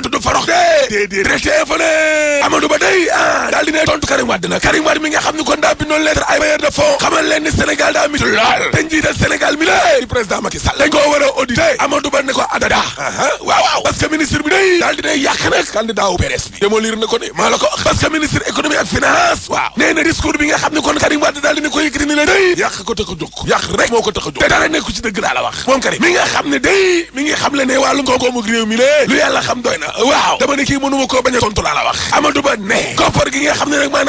tudd déedéet directeur fa ne Amadou Ba day ah daal di ne tontu Karim Wade nag Karim Wade mi nga xam ni kon di président Macky a ah, ah, ah. day daal di ne yàq nag candidat wu PDS bi ne maa la ko ministre économie ak finance waaw nee na discours nga xam ni kon Karim Wade daal di ne ko yëkkati ni day yàq ko tax a jóg rek moo ko tax a jóg te dara ci dëgg daa wax moom Karim mi nga xam ne day mi ngi xam le ne wàllu kookoomu réew mi lée gi mënuma koo bañ a tontu laa la wax Amadou Ba ne koppar gi nga a a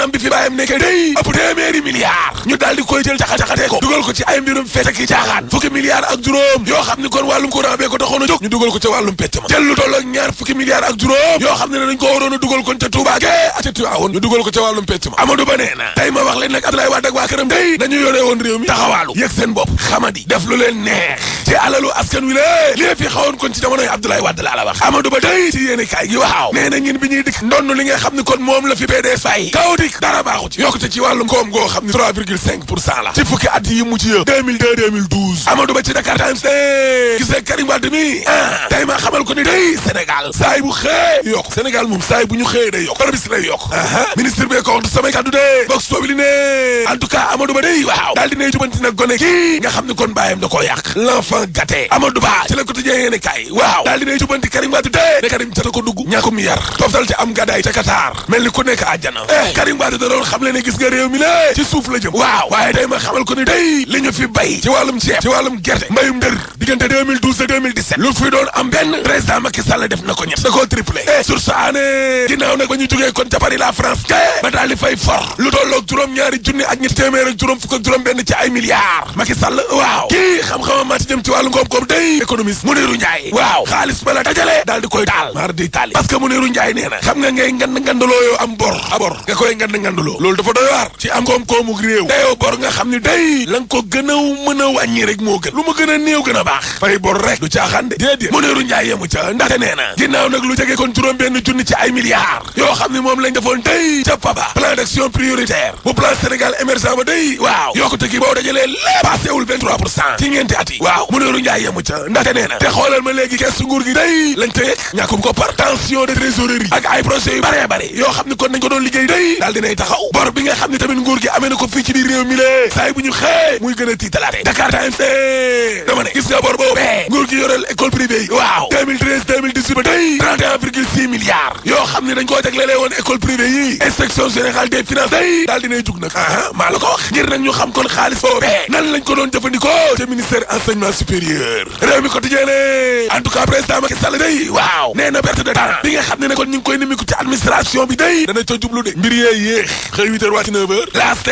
Ba neex ci alalu askan wi lée lii fi xawoon kon ci jamonoy Abdoulaye Wade laa la wax Amadou Ba tey ci yéene gi waaw nee na ñun bi ñuy dikk ndonn li nga xam ne kon moom la fi PDS fay kaotique dara baaxu ci yokkute ci wàllum koom goo xam ne 3 virgule 5 pour cent la ci fukki at yi mu ci yë 2002 2012 Amadou Ba ci Dakar Times gisee Karim Wade mi ah tey maa xamal ko ni day Sénégal saay bu xëy yokk Sénégal moom saay bu ñu xëy day yokk bërëbisi lay yokk ministre bi ko wax samay kàddu de box boobu li ne en tout cas Amadou Ba day waaw daal jubanti nag gone kii kon bàyyam da koo yàq l'enfant gâté Amadou Ba yar toftal ci am gadaay ca Qatar mel ni ku a àjjana eh. eh Karim Wade da doon xam gis nga réew ci suuf la jëm waaw waaye day ma xamal ko day li ñu fi bay ci wàllum ceeb ci wàllum gerte mbayum ndër diggante lu fi doon am benn président Macky Sall def na ko ñett da koo triplé eh sur sa année ginnaaw nag ba ñu jógee kon ca Paris la France ka eh, ba daal di fay for lu tolloog juróom-ñaari junni ak ñetti téeméer ak juróom fukk ak benn ci ay milliards Macky Sall waaw Bassirou Ndiaye nee na xam nga ngay ngand ngandaloo yoo am bor abor nga koy ngand ngandaloo loolu dafa doy waar ci am koom-koomu réew dayoo bor nga xam ne day la nga ko gën a mën a wàññi rek moo gën lu mu gën a a ndaxte nee ginnaaw nag lu jege kon juróom benn junni ci ay milliards yoo xam ne moom lañ defoon day ca paba plan d'action prioritaire bu plan Sénégal émergent ba day waaw yokkute gi boo dajalee lépp passéwul ci ñeenti at yi waaw Mounirou Ndiaye yemu ca ndaxte nee te xoolal ma léegi kees nguur gi day lañ ca ñàkkum ko par tension de trésorerie ak ay projets yu bëree bëri yoo xam ne kon nañ ko doon liggéey daal dinay taxaw bor bi nga xam ne tamit nguur gi amee ko fii ci biir mi lée saa bu ñu xëy muy gën a Dakar Times dama ne gis nga yoo xam ne dañ koo jaglelee woon école privée daal dinay jug nag aa maa la ko ngir nag ñu xam kon xaalis boobu nan lañ ko doon jëfandikoo ca ministère enseignement supérieur réew mi quotidien en tout cas président Macky Sall day waaw nee perte de temps xam kon ñu ngi koy nimiku ci administration bi day dana ca jublu de mbir yee yéex xëy huit heures wàcc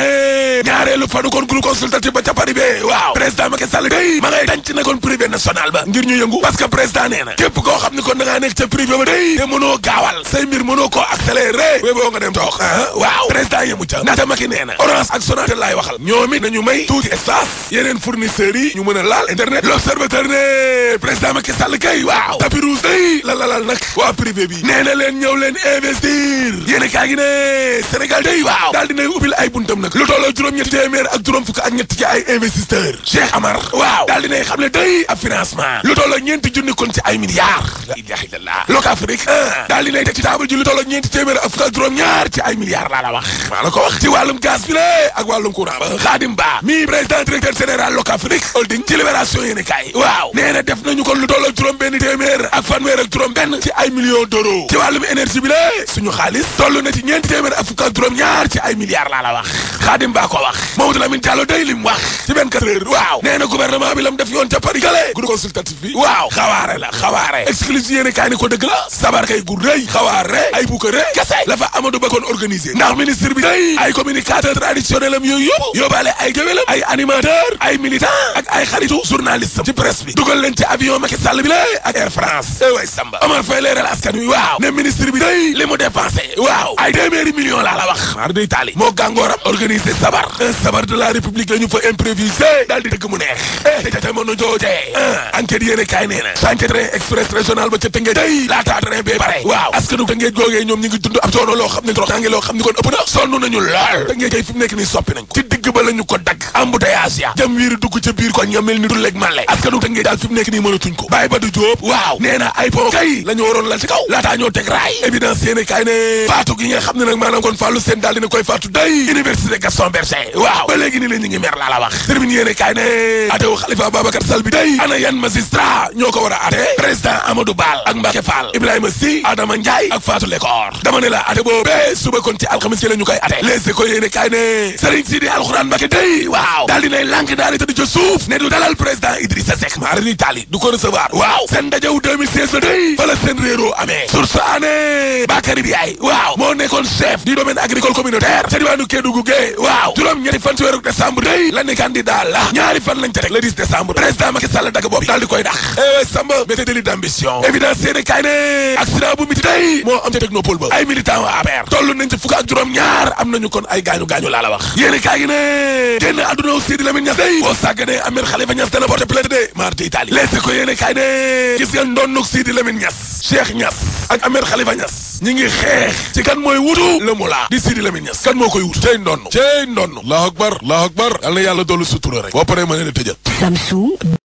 ñaareelu fanu kon groupe consultatif ba ca Paris bee waaw président Macky Sall day ma ngay danc ne kon privé national ba ngir ñu yëngu parce que président nee na képp koo xam ne kon da ngaa nekk ca privé ba day te mënoo gaawal say mbir mënoo koo accéléré wéy boo nga ah, ah. waxal ñoom nañu may tuuti espace yeneen fournisseurs yi ñu mën a laal internet l'observateur ne président Macky Sall kay waaw tapis rouge day nee na leen ñëw leen investir yéen gi ne Sénégal day waaw daal dinay ubbil ay buntam nag lu tolloo juróom-ñetti téeméer ak juróom fukk ak ñetti ci ay investisseur Cheikh Amar waaw daal dinay ci ay milliards la ilaha illallah Locafrique ah. daal dinay teg ci table ji lu tolloo ñeenti téeméer ak fukk ak juróom-ñaar ci ay milliards laa la wax maa la ko wax ci wàllum bi la ak wàllum courant ba Khadim Ba mi président directeur général Locafrique holding ci libération yéen waaw nee def nañu kon lu tolloo ak fanweer réew ci wàllum énergie bi la suñu xaalis toll na ci ñeenti téeméer a fukk ak juróom-ñaar ci ay milliards laa la wax xaadim baa ko wax Mamadou Lamine Diallo day lim wax ci benn quatre waaw nee na gouvernement bi ca Paris gale groupe consultatif bi waaw xawaare la xawaare exclusive yéene kaay ni ko dëgg sabar kay gu rëy xawaare ay bukare kese la fa Amadou Ba koon organisé ndax ministre bi day ay communicateur traditionnel am yooyu yóbbu ay géwélam ay waaw ne ministre bi day li mu dépensé waaw ay téeméeri millions laa la wax mar day taali moo gàngooram organisé sabar sabar de la république la fa improvisé daal di dëgg mu neex eh te jamono joojee enquête yéene kaay nee na sànq train express régional ba ca Tëngéej day laataa bee bare waaw askanu Tëngéej googee ñoom ñu ngi dund ab coono loo xam ne trop xam ne kon ëpp na sonn nañu laal Tëngéej kay fi mu nekk nii soppi nañ ko digg ba la ñu ko dagg embouteillage ya jëm wiiri dugg ca biir ko ñoo mel ni duleg male askanu Tëngéej daal fi mu nekk nii mënatuñ ko bàyyi ba du jóob waaw nee ay pont kay la waroon lal ci kaw laataa ñoo teg raay évidence yéene kaay ne faatu gi nga xam ne nag maanaam kon fàllu seen daal dina koy faatu day université Gaston Berger waaw ba léegi nii la ñu ngi mer laa la wax termine yéene kaay ne atewu Xalifa Babacar Sall bi day ana yan magistrat a président Amadou Baal ak Mbacke Fall Ibrahima Sy a Ndiaye ak Fatou Lekor dama ne la ate boobee suba kon ci alxamis yi la ñu ate les écoles yéene kaay ne Serigne Sidi Alxuraan Mbacke day waaw daal di nay lànk tëdd ca ne du dalal président Idrissa Seck maa ren Italie du ko recevoir waaw seen dajaw 2016 la day fa la seen réeroo amee source année Bakary Biaye waaw moo nekkoon chef du domaine agricole communautaire ca diwaanu la ne candidat d'ambition évidence yéene kaay ne accident bu miti day moo am ca technopole ba ay militant wa APR toll nañ ci fukk ak juróom ñaar am nañu kon ay gaañu-gaañu laa la wax yéene kaay gi ne génn àdduna Seydi Lamine Niass day boo sàgganee Ahmed Khalifa Niass dana porté plainte de mar di Italie leesi ko yéene kaay ne gis nga ndonnuk Seydi Lamine Niass Cheikh Niass ak Ahmed Khalifa Niass ñi ngi xeex ci kan mooy wutu la mu laa di Seydi Lamine Niass kan moo koy wutu cey ndonn ma ne la tëjal